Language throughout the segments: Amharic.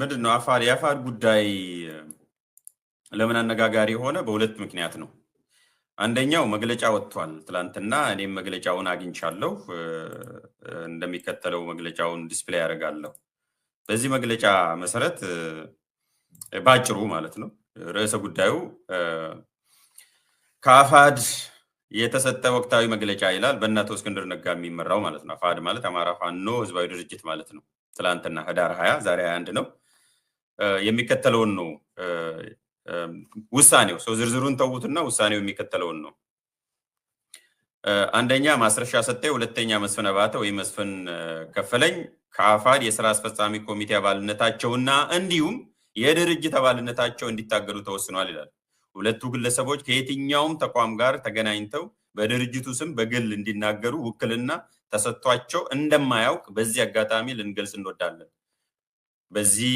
ምንድን ነው አፋር የአፋር ጉዳይ ለምን አነጋጋሪ የሆነ በሁለት ምክንያት ነው። አንደኛው መግለጫ ወጥቷል ትላንትና። እኔም መግለጫውን አግኝቻለሁ። እንደሚከተለው መግለጫውን ዲስፕሌይ ያደርጋለሁ። በዚህ መግለጫ መሰረት በአጭሩ ማለት ነው ርዕሰ ጉዳዩ ከአፋድ የተሰጠ ወቅታዊ መግለጫ ይላል። በእነ አቶ እስክንድር ነጋ የሚመራው ማለት ነው። አፋድ ማለት አማራ ፋኖ ህዝባዊ ድርጅት ማለት ነው። ትላንትና ህዳር ሀያ ዛሬ ሀያ አንድ ነው። የሚከተለውን ነው ውሳኔው። ሰው ዝርዝሩን ተዉትና ውሳኔው የሚከተለውን ነው። አንደኛ ማስረሻ ሰጠ ሁለተኛ መስፍን ባተ ወይም መስፍን ከፈለኝ ከአፋድ የስራ አስፈጻሚ ኮሚቴ አባልነታቸውና እንዲሁም የድርጅት አባልነታቸው እንዲታገዱ ተወስኗል ይላል። ሁለቱ ግለሰቦች ከየትኛውም ተቋም ጋር ተገናኝተው በድርጅቱ ስም በግል እንዲናገሩ ውክልና ተሰጥቷቸው እንደማያውቅ በዚህ አጋጣሚ ልንገልጽ እንወዳለን። በዚህ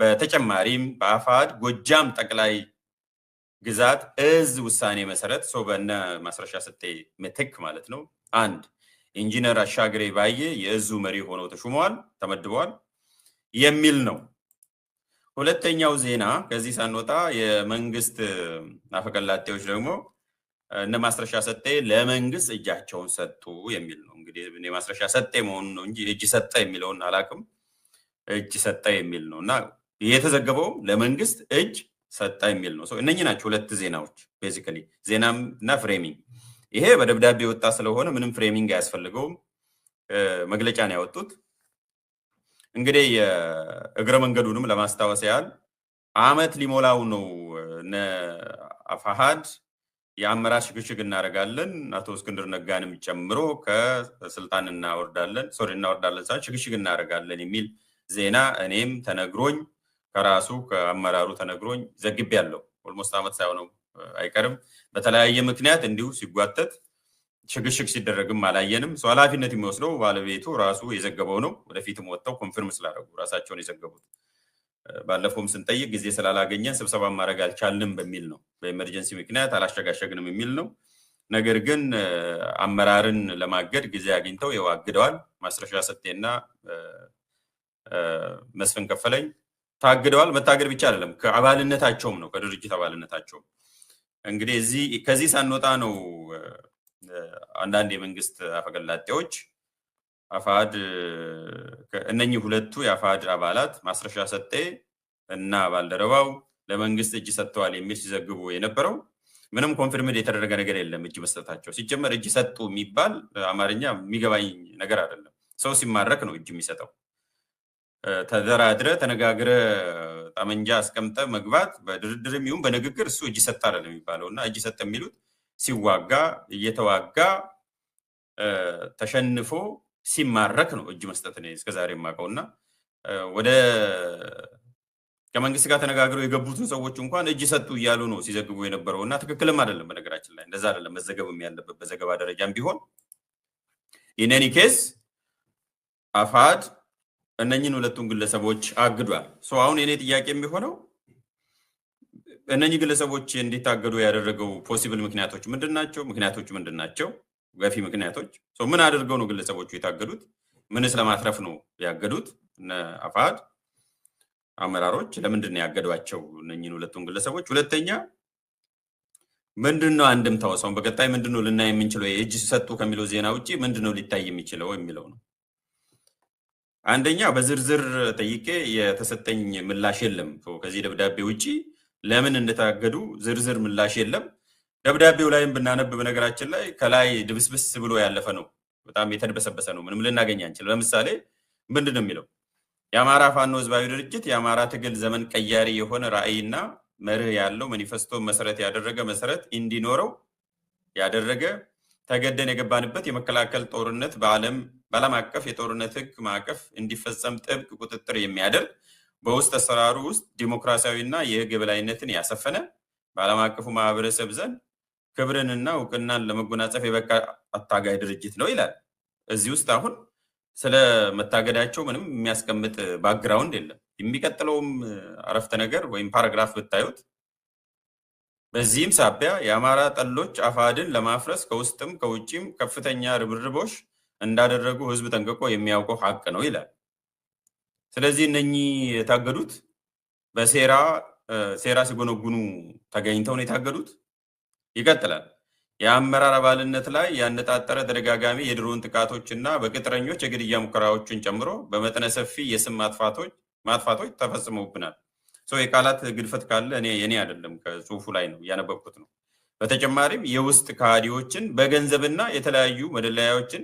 በተጨማሪም በአፋድ ጎጃም ጠቅላይ ግዛት እዝ ውሳኔ መሰረት ሰው በነ ማስረሻ ስጤ ምትክ ማለት ነው አንድ ኢንጂነር አሻግሬ ባየ የእዙ መሪ ሆነው ተሹመዋል፣ ተመድበዋል የሚል ነው። ሁለተኛው ዜና ከዚህ ሳንወጣ የመንግስት አፈቀላጤዎች ደግሞ እነ ማስረሻ ሰጤ ለመንግስት እጃቸውን ሰጡ የሚል ነው። እንግዲህ እኔ ማስረሻ ሰጤ መሆኑ ነው እንጂ እጅ ሰጠ የሚለውን አላቅም። እጅ ሰጠ የሚል ነው እና የተዘገበውም ለመንግስት እጅ ሰጠ የሚል ነው። እነኚህ ናቸው ሁለት ዜናዎች ቤዚካሊ፣ ዜናም እና ፍሬሚንግ። ይሄ በደብዳቤ ወጣ ስለሆነ ምንም ፍሬሚንግ አያስፈልገውም። መግለጫ ነው ያወጡት። እንግዲህ የእግረ መንገዱንም ለማስታወስ ያህል አመት ሊሞላው ነው አፋሃድ የአመራር ሽግሽግ እናደርጋለን፣ አቶ እስክንድር ነጋንም ጨምሮ ከስልጣን እናወርዳለን፣ ሶሪ እናወርዳለን ሳይሆን ሽግሽግ እናደርጋለን የሚል ዜና እኔም ተነግሮኝ ከራሱ ከአመራሩ ተነግሮኝ ዘግቤ ያለው ኦልሞስት ዓመት ሳይሆነው አይቀርም። በተለያየ ምክንያት እንዲሁ ሲጓተት ሽግሽግ ሲደረግም አላየንም። ሰው ሀላፊነት የሚወስደው ባለቤቱ ራሱ የዘገበው ነው። ወደፊትም ወጥተው ኮንፊርም ስላደረጉ ራሳቸውን የዘገቡት ባለፈውም ስንጠይቅ ጊዜ ስላላገኘን ስብሰባ ማድረግ አልቻልንም በሚል ነው። በኤመርጀንሲ ምክንያት አላሸጋሸግንም የሚል ነው። ነገር ግን አመራርን ለማገድ ጊዜ አግኝተው ይኸው አግደዋል። ማስረሻ ሰጤና መስፍን ከፈለኝ ታግደዋል። መታገድ ብቻ አይደለም ከአባልነታቸውም ነው ከድርጅት አባልነታቸውም። እንግዲህ ከዚህ ሳንወጣ ነው አንዳንድ የመንግስት አፈገላጤዎች አፋድ እነኚህ ሁለቱ የአፋድ አባላት ማስረሻ ሰጤ እና ባልደረባው ለመንግስት እጅ ሰጥተዋል የሚል ሲዘግቡ የነበረው ምንም ኮንፊርምድ የተደረገ ነገር የለም። እጅ መስጠታቸው ሲጀመር እጅ ሰጡ የሚባል አማርኛ የሚገባኝ ነገር አይደለም። ሰው ሲማረክ ነው እጅ የሚሰጠው። ተደራድረ ተነጋግረ ጠመንጃ አስቀምጠ መግባት በድርድር የሚሆን በንግግር እሱ እጅ ሰጥ አይደለም የሚባለው እና እጅ ሰጥ የሚሉት ሲዋጋ እየተዋጋ ተሸንፎ ሲማረክ ነው እጅ መስጠት እስከዛሬ የማውቀው እና ወደ ከመንግስት ጋር ተነጋግረው የገቡትን ሰዎች እንኳን እጅ ሰጡ እያሉ ነው ሲዘግቡ የነበረው እና ትክክልም አይደለም። በነገራችን ላይ እንደዛ አይደለም መዘገብም ያለበት በዘገባ ደረጃም ቢሆን ኢነኒ ኬስ አፋድ እነኝን ሁለቱን ግለሰቦች አግዷል። ሰው አሁን የኔ ጥያቄ የሚሆነው እነኚህ ግለሰቦች እንዲታገዱ ያደረገው ፖሲብል ምክንያቶች ምንድን ናቸው? ምክንያቶቹ ምንድን ናቸው? ገፊ ምክንያቶች ምን አድርገው ነው ግለሰቦቹ የታገዱት? ምንስ ለማትረፍ ነው ያገዱት? እነ አመራሮች ለምንድን ነው ያገዷቸው እነኝን ሁለቱን ግለሰቦች? ሁለተኛ ምንድን ነው አንድምታው? ሰውን በቀጣይ ምንድን ነው ልናይ የምንችለው? የእጅ ሰጡ ከሚለው ዜና ውጭ ምንድን ነው ሊታይ የሚችለው የሚለው ነው። አንደኛ በዝርዝር ጠይቄ የተሰጠኝ ምላሽ የለም። ከዚህ ደብዳቤ ውጭ ለምን እንደታገዱ ዝርዝር ምላሽ የለም። ደብዳቤው ላይም ብናነብ በነገራችን ላይ ከላይ ድብስብስ ብሎ ያለፈ ነው። በጣም የተድበሰበሰ ነው። ምንም ልናገኝ አንችል። ለምሳሌ ምንድን ነው የሚለው? የአማራ ፋኖ ህዝባዊ ድርጅት የአማራ ትግል ዘመን ቀያሪ የሆነ ራዕይና መርህ ያለው ማኒፌስቶ መሰረት ያደረገ መሰረት እንዲኖረው ያደረገ ተገደን የገባንበት የመከላከል ጦርነት በዓለም አቀፍ የጦርነት ህግ ማዕቀፍ እንዲፈጸም ጥብቅ ቁጥጥር የሚያደርግ በውስጥ አሰራሩ ውስጥ ዲሞክራሲያዊና የህግ የበላይነትን ያሰፈነ በዓለም አቀፉ ማህበረሰብ ዘንድ ክብርንና እውቅናን ለመጎናጸፍ የበቃ አታጋይ ድርጅት ነው ይላል። እዚህ ውስጥ አሁን ስለ መታገዳቸው ምንም የሚያስቀምጥ ባክግራውንድ የለም። የሚቀጥለውም አረፍተ ነገር ወይም ፓራግራፍ ብታዩት በዚህም ሳቢያ የአማራ ጠሎች አፋድን ለማፍረስ ከውስጥም ከውጭም ከፍተኛ ርብርቦች እንዳደረጉ ህዝብ ጠንቅቆ የሚያውቀው ሀቅ ነው ይላል። ስለዚህ እነኚህ የታገዱት በሴራ ሴራ ሲጎነጉኑ ተገኝተው ነው የታገዱት። ይቀጥላል። የአመራር አባልነት ላይ ያነጣጠረ ተደጋጋሚ የድሮን ጥቃቶች እና በቅጥረኞች የግድያ ሙከራዎችን ጨምሮ በመጠነ ሰፊ የስም ማጥፋቶች ተፈጽመውብናል። የቃላት ግድፈት ካለ እኔ የኔ አይደለም ከጽሁፉ ላይ ነው እያነበብኩት ነው። በተጨማሪም የውስጥ ካዲዎችን በገንዘብና የተለያዩ መደለያዎችን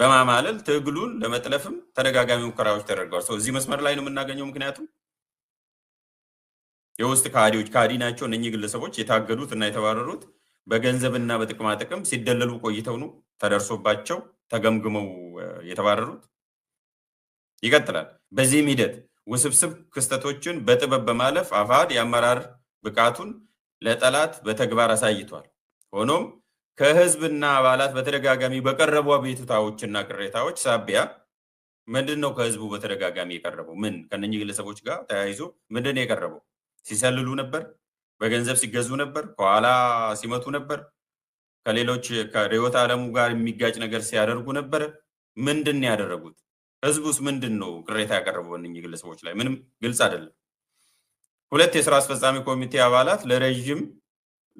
በማማለል ትግሉን ለመጥለፍም ተደጋጋሚ ሙከራዎች ተደርገዋል። እዚህ መስመር ላይ ነው የምናገኘው ምክንያቱም የውስጥ ካሪዎች ካሪ ናቸው። እነኚህ ግለሰቦች የታገዱት እና የተባረሩት በገንዘብና በጥቅማጥቅም ሲደለሉ ቆይተው ነው ተደርሶባቸው ተገምግመው የተባረሩት። ይቀጥላል። በዚህም ሂደት ውስብስብ ክስተቶችን በጥበብ በማለፍ አፋድ የአመራር ብቃቱን ለጠላት በተግባር አሳይቷል። ሆኖም ከህዝብና አባላት በተደጋጋሚ በቀረቡ አቤቱታዎችና ቅሬታዎች ሳቢያ ምንድን ነው ከህዝቡ በተደጋጋሚ የቀረበው ምን ከነኚህ ግለሰቦች ጋር ተያይዞ ምንድን ነው የቀረበው ሲሰልሉ ነበር፣ በገንዘብ ሲገዙ ነበር፣ ከኋላ ሲመቱ ነበር፣ ከሌሎች ከርዕዮተ ዓለሙ ጋር የሚጋጭ ነገር ሲያደርጉ ነበር። ምንድን ነው ያደረጉት? ህዝቡስ ምንድን ነው ቅሬታ ያቀረበው? እነኚህ ግለሰቦች ላይ ምንም ግልጽ አይደለም። ሁለት የስራ አስፈጻሚ ኮሚቴ አባላት ለረዥም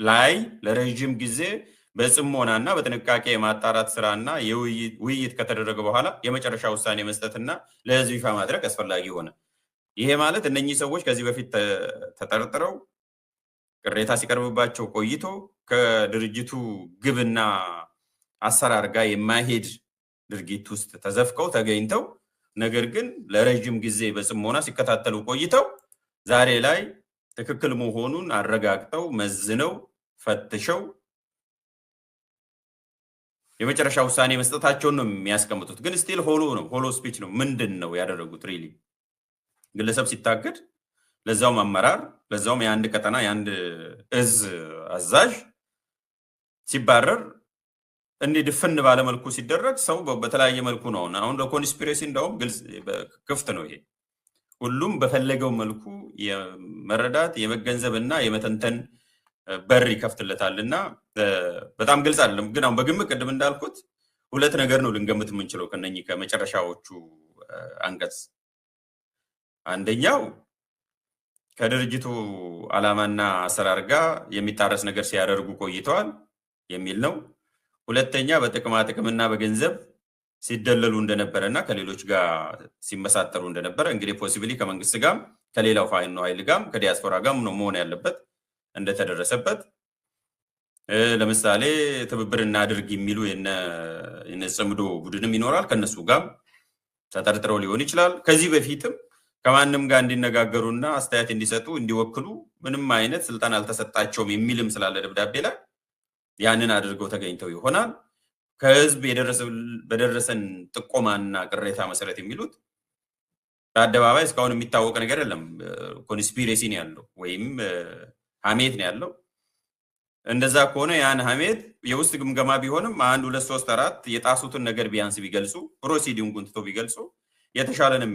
ላይ ለረዥም ጊዜ በጽሞና እና በጥንቃቄ የማጣራት ስራ እና ውይይት ከተደረገ በኋላ የመጨረሻ ውሳኔ መስጠትና ለህዝብ ይፋ ማድረግ አስፈላጊ ሆነ። ይሄ ማለት እነኚህ ሰዎች ከዚህ በፊት ተጠርጥረው ቅሬታ ሲቀርብባቸው ቆይቶ ከድርጅቱ ግብና አሰራር ጋር የማይሄድ ድርጊት ውስጥ ተዘፍቀው ተገኝተው ነገር ግን ለረዥም ጊዜ በጽሞና ሲከታተሉ ቆይተው ዛሬ ላይ ትክክል መሆኑን አረጋግጠው መዝነው ፈትሸው የመጨረሻ ውሳኔ መስጠታቸውን ነው የሚያስቀምጡት። ግን ስቲል ሆሎ ነው፣ ሆሎ ስፒች ነው። ምንድን ነው ያደረጉት ሪሊ ግለሰብ ሲታገድ ለዛውም አመራር ለዛውም የአንድ ቀጠና የአንድ እዝ አዛዥ ሲባረር እንዲህ ድፍን ባለመልኩ ሲደረግ ሰው በተለያየ መልኩ ነው። አሁን ለኮንስፒሬሲ እንደውም ግልጽ ክፍት ነው ይሄ ሁሉም በፈለገው መልኩ የመረዳት የመገንዘብ እና የመተንተን በር ይከፍትለታል እና በጣም ግልጽ አይደለም። ግን አሁን በግምት ቅድም እንዳልኩት ሁለት ነገር ነው ልንገምት የምንችለው ከነኚህ ከመጨረሻዎቹ አንቀጽ አንደኛው ከድርጅቱ ዓላማና አሰራር ጋር የሚጣረስ ነገር ሲያደርጉ ቆይተዋል የሚል ነው። ሁለተኛ በጥቅማ ጥቅምና በገንዘብ ሲደለሉ እንደነበረ እና ከሌሎች ጋር ሲመሳጠሩ እንደነበረ እንግዲህ ፖሲብሊ ከመንግስት ጋም ከሌላው ፋኖ ኃይል ጋም ከዲያስፖራ ጋም ነው መሆን ያለበት እንደተደረሰበት ለምሳሌ ትብብር እናድርግ የሚሉ የነ ጽምዶ ቡድንም ይኖራል። ከነሱ ጋም ተጠርጥረው ሊሆን ይችላል ከዚህ በፊትም ከማንም ጋር እንዲነጋገሩና አስተያየት እንዲሰጡ እንዲወክሉ ምንም አይነት ስልጣን አልተሰጣቸውም የሚልም ስላለ ደብዳቤ ላይ ያንን አድርገው ተገኝተው ይሆናል። ከህዝብ በደረሰን ጥቆማና ቅሬታ መሰረት የሚሉት በአደባባይ እስካሁን የሚታወቅ ነገር የለም። ኮንስፒሬሲ ነው ያለው ወይም ሀሜት ነው ያለው። እንደዛ ከሆነ ያን ሀሜት የውስጥ ግምገማ ቢሆንም አንድ ሁለት ሶስት አራት የጣሱትን ነገር ቢያንስ ቢገልጹ፣ ፕሮሲዲንጉን ትቶ ቢገልጹ የተሻለ ነው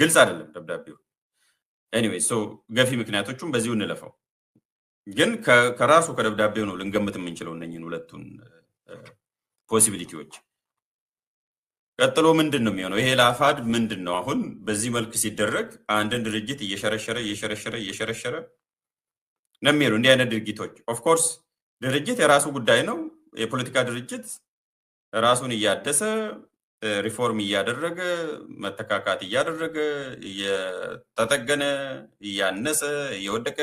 ግልጽ አይደለም ደብዳቤው። ኤኒዌይ ገፊ ምክንያቶቹም በዚሁ እንለፈው። ግን ከራሱ ከደብዳቤው ነው ልንገምት የምንችለው እነኝን ሁለቱን ፖሲቢሊቲዎች። ቀጥሎ ምንድን ነው የሚሆነው? ይሄ ለአፋድ ምንድን ነው አሁን በዚህ መልክ ሲደረግ አንድን ድርጅት እየሸረሸረ እየሸረሸረ እየሸረሸረ ነው የሚሄዱ እንዲህ አይነት ድርጊቶች። ኦፍኮርስ ድርጅት የራሱ ጉዳይ ነው። የፖለቲካ ድርጅት ራሱን እያደሰ ሪፎርም እያደረገ መተካካት እያደረገ እየተጠገነ እያነሰ እየወደቀ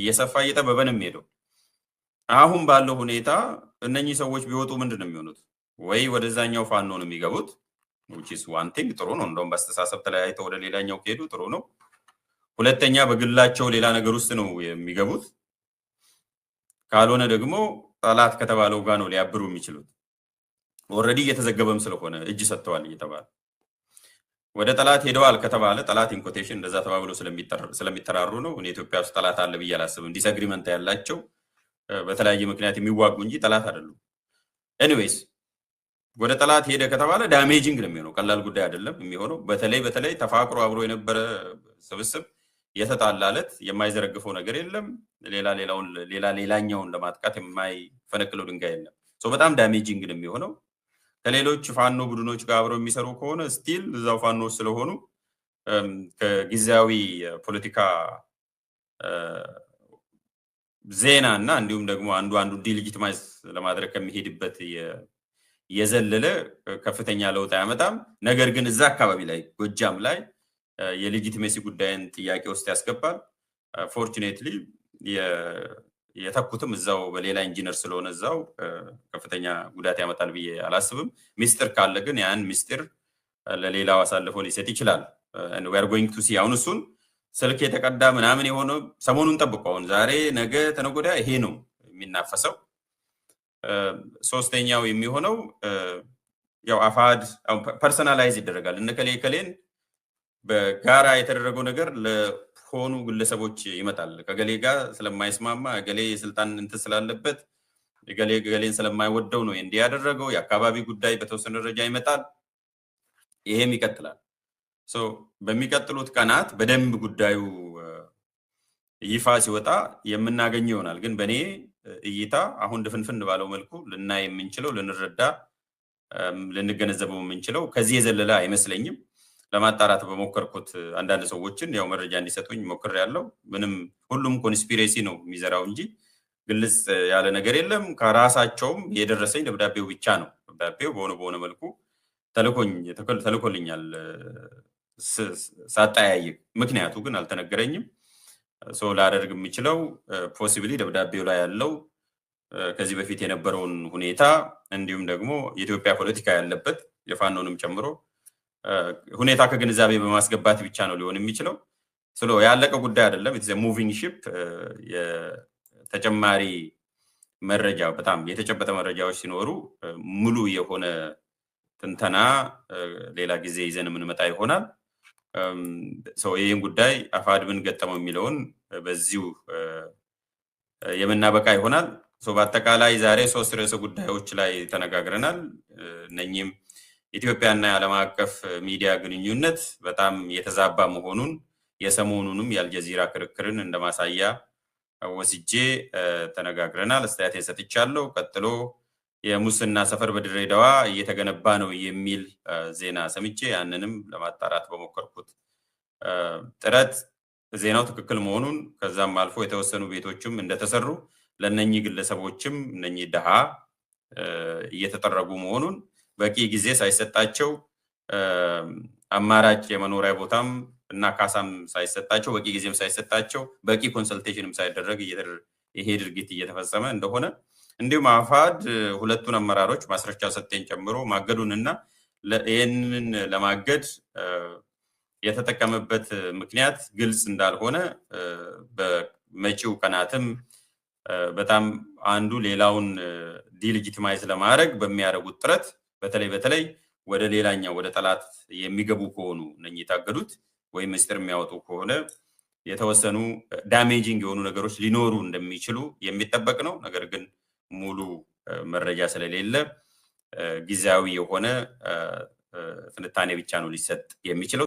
እየሰፋ እየጠበበ ነው የሚሄደው። አሁን ባለው ሁኔታ እነኚህ ሰዎች ቢወጡ ምንድን ነው የሚሆኑት? ወይ ወደዛኛው ፋኖ ነው የሚገቡት ዋንቲንግ ጥሩ ነው። እንደውም በአስተሳሰብ ተለያይተው ወደ ሌላኛው ከሄዱ ጥሩ ነው። ሁለተኛ በግላቸው ሌላ ነገር ውስጥ ነው የሚገቡት። ካልሆነ ደግሞ ጠላት ከተባለው ጋር ነው ሊያብሩ የሚችሉት። ኦልሬዲ እየተዘገበም ስለሆነ እጅ ሰጥተዋል እየተባለ ወደ ጠላት ሄደዋል ከተባለ ጠላት ኢንኮቴሽን እንደዛ ተባብሎ ስለሚጠራሩ ነው። እኔ ኢትዮጵያ ውስጥ ጠላት አለ ብዬ አላስብም። ዲስአግሪመንት ያላቸው በተለያየ ምክንያት የሚዋጉ እንጂ ጠላት አይደሉም። ኤኒዌይስ ወደ ጠላት ሄደ ከተባለ ዳሜጂንግ ነው የሚሆነው። ቀላል ጉዳይ አይደለም የሚሆነው። በተለይ በተለይ ተፋቅሮ አብሮ የነበረ ስብስብ የተጣላለት የማይዘረግፈው ነገር የለም። ሌላ ሌላውን ሌላ ሌላኛውን ለማጥቃት የማይፈነቅለው ድንጋይ የለም። በጣም ዳሜጂንግ ነው የሚሆነው። ከሌሎች ፋኖ ቡድኖች ጋር አብረው የሚሰሩ ከሆነ ስቲል እዛው ፋኖ ስለሆኑ ከጊዜያዊ ፖለቲካ ዜና እና እንዲሁም ደግሞ አንዱ አንዱ ዲሊጂትማይዝ ለማድረግ ከሚሄድበት የዘለለ ከፍተኛ ለውጥ አያመጣም። ነገር ግን እዛ አካባቢ ላይ ጎጃም ላይ የሌጂቲሜሲ ጉዳይን ጥያቄ ውስጥ ያስገባል። ፎርቹኔትሊ የተኩትም እዛው በሌላ ኢንጂነር ስለሆነ እዛው ከፍተኛ ጉዳት ያመጣል ብዬ አላስብም። ሚስጥር ካለ ግን ያን ሚስጥር ለሌላው አሳልፎ ሊሰጥ ይችላል። ዌር ጎይንግ ቱ ሲ አሁን እሱን ስልክ የተቀዳ ምናምን የሆነ ሰሞኑን ጠብቆ አሁን ዛሬ ነገ ተነጎዳ ይሄ ነው የሚናፈሰው። ሶስተኛው የሚሆነው ያው አፋድ ፐርሰናላይዝ ይደረጋል እነ ከሌ ከሌን በጋራ የተደረገው ነገር ለሆኑ ግለሰቦች ይመጣል። ከገሌ ጋር ስለማይስማማ ገሌ የስልጣን እንትን ስላለበት ገሌ ገሌን ስለማይወደው ነው እንዲህ ያደረገው። የአካባቢ ጉዳይ በተወሰነ ደረጃ ይመጣል። ይሄም ይቀጥላል። በሚቀጥሉት ቀናት በደንብ ጉዳዩ ይፋ ሲወጣ የምናገኝ ይሆናል። ግን በእኔ እይታ አሁን ድፍንፍን ባለው መልኩ ልናይ የምንችለው ልንረዳ ልንገነዘበው የምንችለው ከዚህ የዘለለ አይመስለኝም። ለማጣራት በሞከርኩት አንዳንድ ሰዎችን ያው መረጃ እንዲሰጡኝ ሞክር ያለው ምንም ሁሉም ኮንስፒሬሲ ነው የሚዘራው እንጂ ግልጽ ያለ ነገር የለም። ከራሳቸውም የደረሰኝ ደብዳቤው ብቻ ነው። ደብዳቤው በሆነ በሆነ መልኩ ተልኮልኛል ሳጠያይቅ፣ ምክንያቱ ግን አልተነገረኝም። ሰው ላደርግ የምችለው ፖሲብሊ ደብዳቤው ላይ ያለው ከዚህ በፊት የነበረውን ሁኔታ እንዲሁም ደግሞ የኢትዮጵያ ፖለቲካ ያለበት የፋኖንም ጨምሮ ሁኔታ ከግንዛቤ በማስገባት ብቻ ነው ሊሆን የሚችለው። ስለ ያለቀ ጉዳይ አይደለም። ኢትስ ሙቪንግ ሺፕ። የተጨማሪ መረጃ በጣም የተጨበጠ መረጃዎች ሲኖሩ ሙሉ የሆነ ትንተና ሌላ ጊዜ ይዘን የምንመጣ ይሆናል። ይህን ጉዳይ አፋሕድ ገጠመው የሚለውን በዚሁ የምናበቃ ይሆናል። በአጠቃላይ ዛሬ ሶስት ርዕሰ ጉዳዮች ላይ ተነጋግረናል። እነኚህም ኢትዮጵያና የዓለም አቀፍ ሚዲያ ግንኙነት በጣም የተዛባ መሆኑን የሰሞኑንም የአልጀዚራ ክርክርን እንደማሳያ ወስጄ ተነጋግረናል። አስተያየት ሰጥቻለሁ። ቀጥሎ የሙስና ሰፈር በድሬዳዋ እየተገነባ ነው የሚል ዜና ሰምቼ ያንንም ለማጣራት በሞከርኩት ጥረት ዜናው ትክክል መሆኑን ከዛም አልፎ የተወሰኑ ቤቶችም እንደተሰሩ ለእነኚህ ግለሰቦችም እነኚህ ድሃ እየተጠረጉ መሆኑን በቂ ጊዜ ሳይሰጣቸው አማራጭ የመኖሪያ ቦታም እና ካሳም ሳይሰጣቸው በቂ ጊዜም ሳይሰጣቸው በቂ ኮንሰልቴሽንም ሳይደረግ ይሄ ድርጊት እየተፈጸመ እንደሆነ እንዲሁም አፋድ ሁለቱን አመራሮች ማስረቻ ሰጤን ጨምሮ ማገዱን እና ይህንን ለማገድ የተጠቀመበት ምክንያት ግልጽ እንዳልሆነ በመጪው ቀናትም በጣም አንዱ ሌላውን ዲልጂቲማይዝ ለማድረግ በሚያደርጉት ጥረት በተለይ በተለይ ወደ ሌላኛው ወደ ጠላት የሚገቡ ከሆኑ ነ የታገዱት ወይም ምስጢር የሚያወጡ ከሆነ የተወሰኑ ዳሜጂንግ የሆኑ ነገሮች ሊኖሩ እንደሚችሉ የሚጠበቅ ነው። ነገር ግን ሙሉ መረጃ ስለሌለ ጊዜያዊ የሆነ ትንታኔ ብቻ ነው ሊሰጥ የሚችለው።